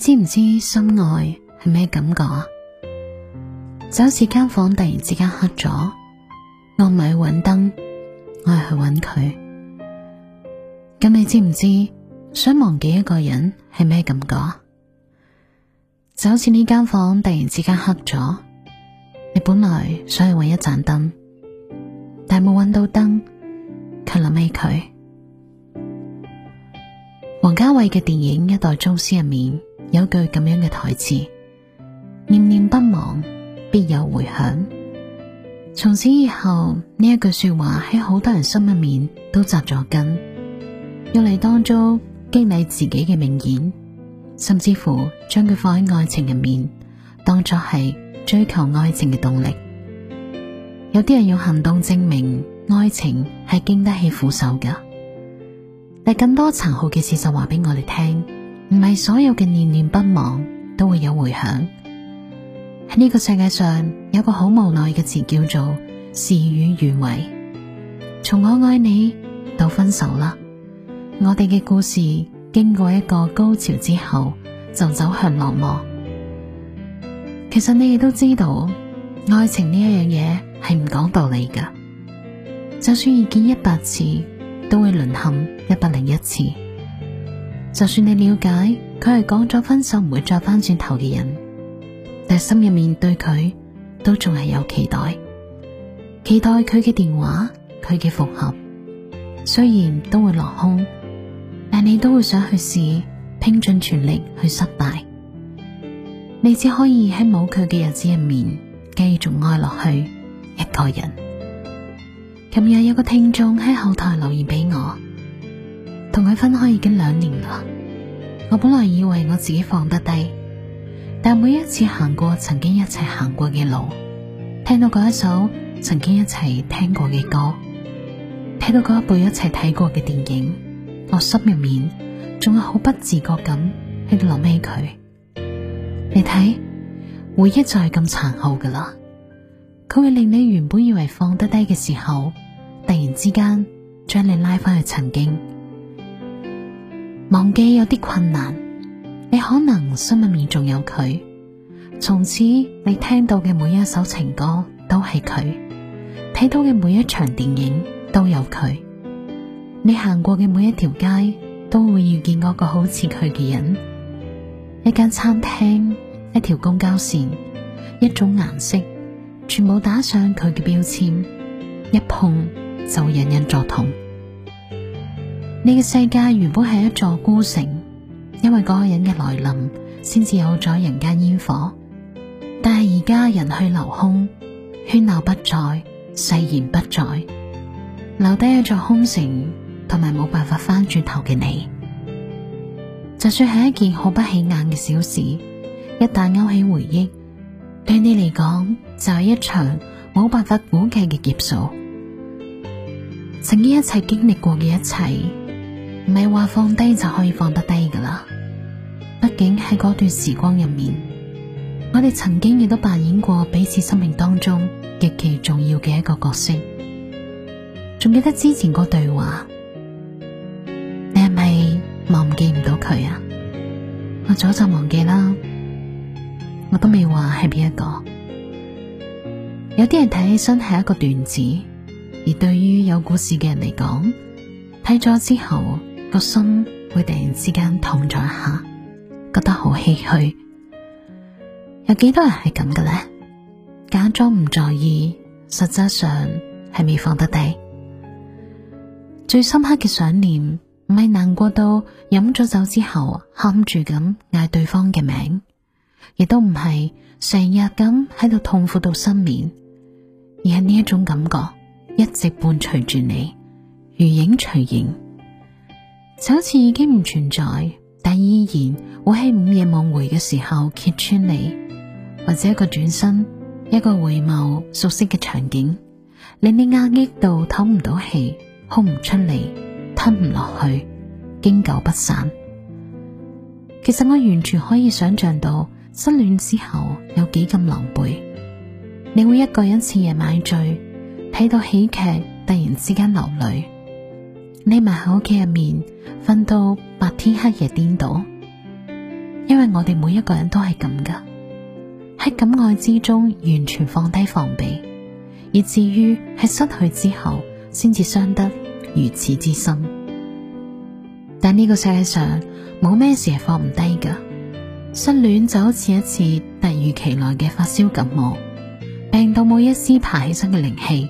你知唔知心愛係咩感覺啊？就好似間房突然之間黑咗，我唔係去揾燈，我係去揾佢。咁你知唔知想忘記一個人係咩感覺啊？就好似呢間房突然之間黑咗，你本來想去揾一盞燈，但冇揾到燈，卻諗起佢。王家衛嘅電影《一代宗師》入面。有句咁樣嘅台詞，念念不忘，必有回響。從此以後，呢一句說話喺好多人心入面都扎咗根，用嚟當作激勵自己嘅名言，甚至乎將佢放喺愛情入面，當作係追求愛情嘅動力。有啲人用行動證明愛情係經得起苦守㗎，但更多殘酷嘅事實話俾我哋聽。唔係所有嘅念念不忘都會有回響。喺呢個世界上有個好無奈嘅詞叫做事與願違。從我愛你到分手啦，我哋嘅故事經過一個高潮之後就走向落寞。其實你亦都知道，愛情呢一樣嘢係唔講道理噶。就算遇見一百次，都會淪陷一百零一次。就算你了解佢係講咗分手唔會再翻轉頭嘅人，但心入面對佢都仲係有期待，期待佢嘅電話，佢嘅復合，雖然都會落空，但你都會想去試，拼盡全力去失敗，你只可以喺冇佢嘅日子入面繼續愛落去一個人。琴日有個聽眾喺後台留言俾我。同佢分開已經兩年啦。我本來以為我自己放得低，但每一次行過曾經一齊行過嘅路，聽到嗰一首曾經一齊聽過嘅歌，睇到嗰部一齊睇過嘅電影，我心入面仲係好不自覺咁喺度諗起佢。你睇，回憶就係咁殘酷噶啦，佢會令你原本以為放得低嘅時候，突然之間將你拉翻去曾經。忘記有啲困難，你可能心裏面仲有佢。從此你聽到嘅每一首情歌都係佢，睇到嘅每一場電影都有佢，你行過嘅每一條街都會遇見嗰個好似佢嘅人。一間餐廳、一條公交線、一種顏色，全部打上佢嘅標籤，一碰就隱隱作痛。呢個世界原本係一座孤城，因為嗰個人嘅來臨，先至有咗人間煙火。但係而家人去樓空，喧鬧不再，誓言不再，留低一座空城，同埋冇辦法翻轉頭嘅你。就算係一件好不起眼嘅小事，一旦勾起回憶，對你嚟講就係一場冇辦法估計嘅劫數。曾經一齊經歷過嘅一切。唔係話放低就可以放得低噶啦，畢竟喺嗰段時光入面，我哋曾經亦都扮演過彼此生命當中極其重要嘅一個角色。仲記得之前個對話，你係咪忘記唔到佢啊？我早就忘記啦，我都未話係邊一個。有啲人睇起身係一個段子，而對於有故事嘅人嚟講，睇咗之後。個心會突然之間痛咗一下，覺得好唏噓。有幾多人係咁嘅呢？假裝唔在意，實質上係未放得低。最深刻嘅想念唔係難過到飲咗酒之後喊住咁嗌對方嘅名，亦都唔係成日咁喺度痛苦到失眠，而係呢一種感覺一直伴隨住你，如影隨形。就好似已經唔存在，但依然會喺午夜夢回嘅時候揭穿你，或者一個轉身，一個回眸，熟悉嘅場景令你壓抑到唞唔到氣，哭唔出嚟，吞唔落去，經久不散。其實我完全可以想象到失戀之後有幾咁狼狽，你會一個人徹夜買醉，睇到喜劇突然之間流淚。匿埋喺屋企入面，瞓到白天黑夜顛倒，因為我哋每一個人都係咁噶，喺感愛之中完全放低防備，以至於喺失去之後，先至傷得如此之深。但呢個世界上冇咩事係放唔低噶，失戀就好似一,一次突如其來嘅發燒感冒，病到冇一絲爬起身嘅靈氣，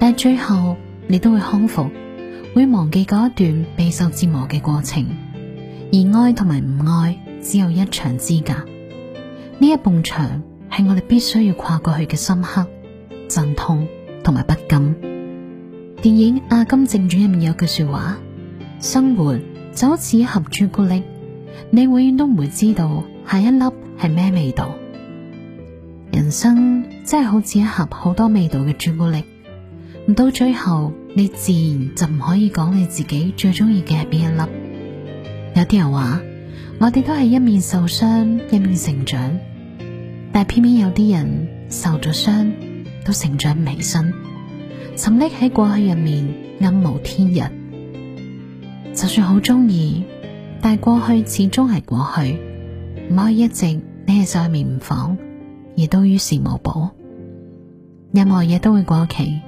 但最後你都會康復。會忘記嗰一段備受折磨嘅過程，而愛同埋唔愛只有一牆之隔。呢一埲牆係我哋必須要跨過去嘅深刻、陣痛同埋不甘。電影《阿甘正傳》入面有句說話：生活就好似一盒朱古力，你永遠都唔會知道下一粒係咩味道。人生真係好似一盒好多味道嘅朱古力，唔到最後。你自然就唔可以講你自己最中意嘅係邊一粒。有啲人話，我哋都係一面受傷一面成長，但係偏偏有啲人受咗傷都成長唔起身。沉溺喺過去入面暗無天日，就算好中意，但係過去始終係過去，唔可以一直匿喺上面唔放，亦都於事無補。任何嘢都會過期。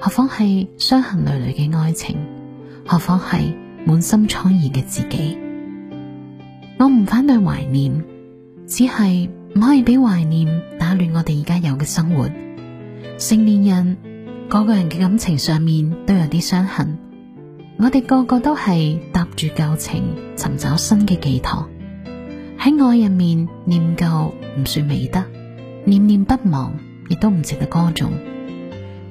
何況係傷痕累累嘅愛情？何況係滿心瘡痍嘅自己？我唔反對懷念，只係唔可以俾懷念打亂我哋而家有嘅生活。成年人個個人嘅感情上面都有啲傷痕，我哋個個都係踏住舊情尋找新嘅寄託。喺愛入面念舊唔算美德，念念不忘亦都唔值得歌頌。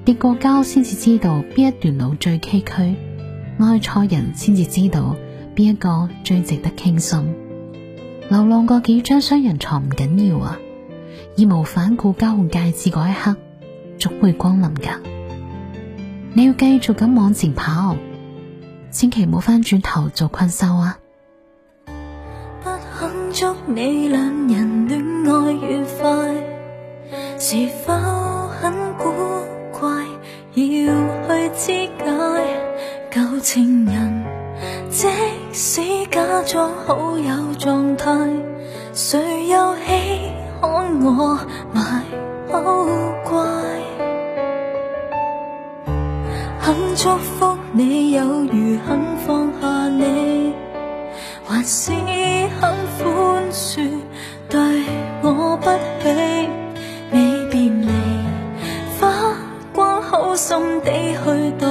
跌過跤先至知道邊一段路最崎嶇，愛錯人先至知道邊一個最值得傾心。流浪過幾張雙人床唔緊要啊，義無反顧交換戒指嗰一刻，總會光臨㗎。你要繼續咁往前跑，千祈唔好翻轉頭做困獸啊！不肯祝你兩人戀愛愉快，是否？人即使假裝好有狀態，誰又稀罕我賣好乖？肯祝福你，有如肯放下你，還是肯寬恕對我不起？你別離，花光好心地去。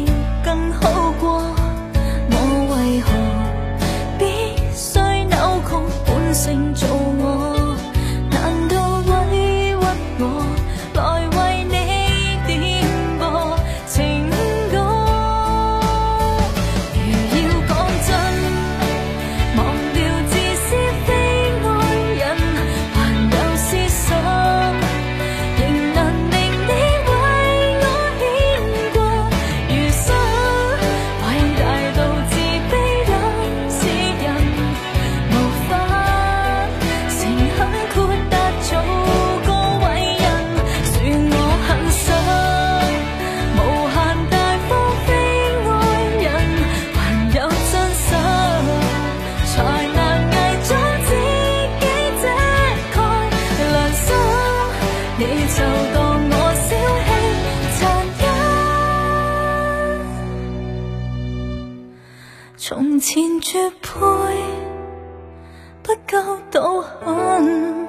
前絕配，不夠道行。